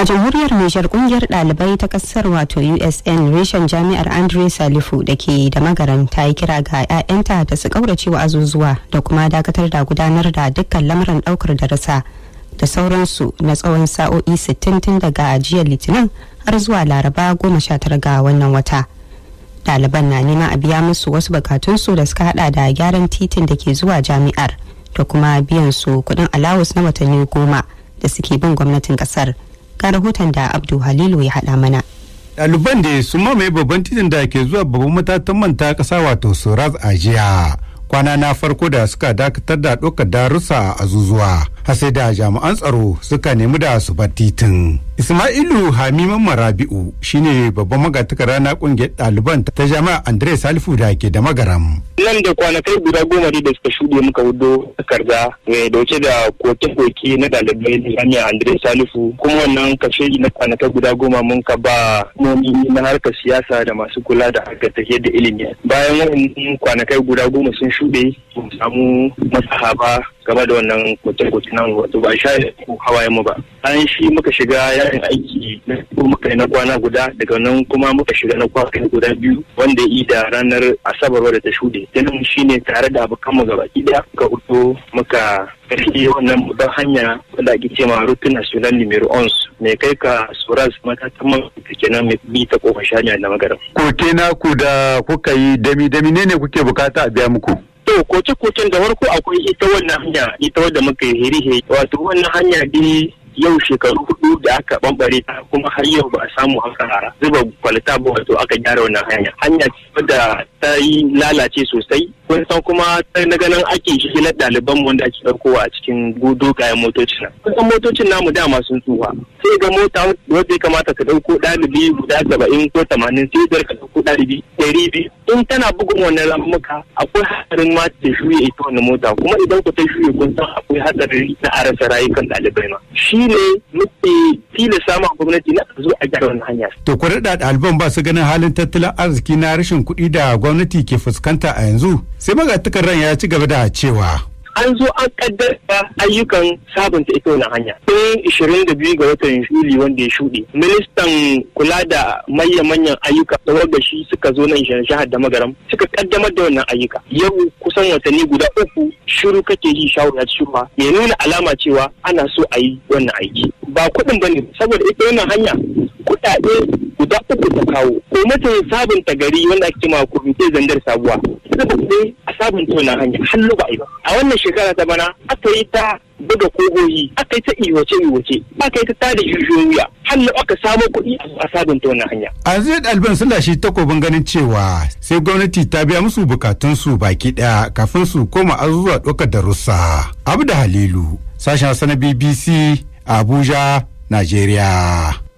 a jamhuriyar nijar kungiyar dalibai ta kasar wato usn reshen jami'ar andre salifu da ke da magaran ta yi kira ga 'ya'yanta da su kauracewa azuzuwa da kuma dakatar da gudanar da dukkan lamuran daukar darasa da sauransu na tsawon sa'o'i 60 tun daga jiya litinin har zuwa laraba 19 ga wannan wata daliban na neman a biya musu wasu bukatunsu da suka hada da gyaran titin da ke zuwa jami'ar da kuma biyan su kuɗin alawus na watanni goma da suke bin gwamnatin kasar. ga rahoton da abdu halilu ya haɗa mana ɗaliban da sun mamaye babban titin da ke zuwa babban matatan manta ƙasa wato soraz ajiya kwana na farko da suka dakatar da ɗaukar darussa a zuzuwa. har sai da jami'an tsaro suka nemi da su bar titin. Ismailu Hamiman Marabi'u shine babban magatakar rana kungiyar ɗaliban ta jami'a Andre Salifu da ke da magaram. Nan da kwanakai guda goma ne da suka shuɗe muka wudo takarda mai dauke da koke-koke na ɗalibai da jami'a Andre Salifu kuma wannan kashe na kwanakai guda goma mun ka ba nomi na harkar siyasa da masu kula da harkar ta da ilimi. Bayan wannan kwanakai guda goma sun shuɗe mu samu game da wannan kwace-kwace nan wato ba sha ko hawaye mu ba an shi muka shiga yayin aiki na muka na kwana guda daga nan kuma muka shiga na kwana guda biyu wanda yi da ranar asabar wadda ta shuɗe shi ne tare da abokan mu gaba ɗaya muka hudu muka karfi wannan budan hanya wanda ake ce ma rutu national numero 11 mai kai ka suras ta man nan mai bi ta kofar shanya na magaram. Koke na ku da kuka yi dami dami ne ne kuke bukata a biya muku? to koce-kocen da farko akwai ita wannan hanya ita wadda muka yi hiri wato wannan hanya dai yau shekaru hudu da aka bambare ta kuma har yau ba a samu aka zuba kwalita ba wato aka gyara wannan hanya hanya wadda ta yi lalace sosai kun san kuma sai na ganin ake shigilar ɗaliban mu wanda ake ɗauko a cikin dogayen motocin nan kun san motocin namu dama sun tsufa sai ga mota wadda ya kamata ka ɗauko ɗalibi guda saba'in ko tamanin sai zai ka ɗauko ɗalibi ɗari biyu in tana bugun wannan ramuka akwai hatsarin ma ta shuye ita wannan mota kuma idan ku ta shuye kun san akwai hatsarin na a rasa rayukan ɗalibai ma shi ne muke tilasta samun gwamnati na zo a gyara wannan hanya. To ku da ɗaliban ba su ganin halin tattalin arziki na rashin kuɗi da gwamnati ke fuskanta a yanzu sai ran ya ci gaba da cewa. an zo an kaddara ayyukan sabunta ita wani hanya. Tun 22 ga watan Yuli wanda ya shuɗe, ministan kula da manyan manyan ayyuka da shi suka zo nan shahar da magaram suka kaddamar da wannan ayyuka. Yau kusan watanni guda uku shiru kake yi shawara cewa Me nuna alama cewa ana so a yi wannan aiki. Ba kuɗin ba ne saboda ita wannan hanya kuɗaɗe guda uku ta kawo. mutum sabunta gari wanda ake ma kwamitin zandar sabuwa. Sabunta sabunta wannan hanya har ba a ba a wannan shekara ta bana aka yi ta buga kogoyi aka yi ta iwace iwace aka yi ta tada yuyoyiya har aka samo kuɗi a sabunta wannan hanya. a zai ɗaliban suna shi takobin ganin cewa sai gwamnati ta biya musu bukatunsu baki ɗaya kafin su koma azuzuwa ɗaukar darussa abu da halilu sashen sana na bbc abuja najeriya.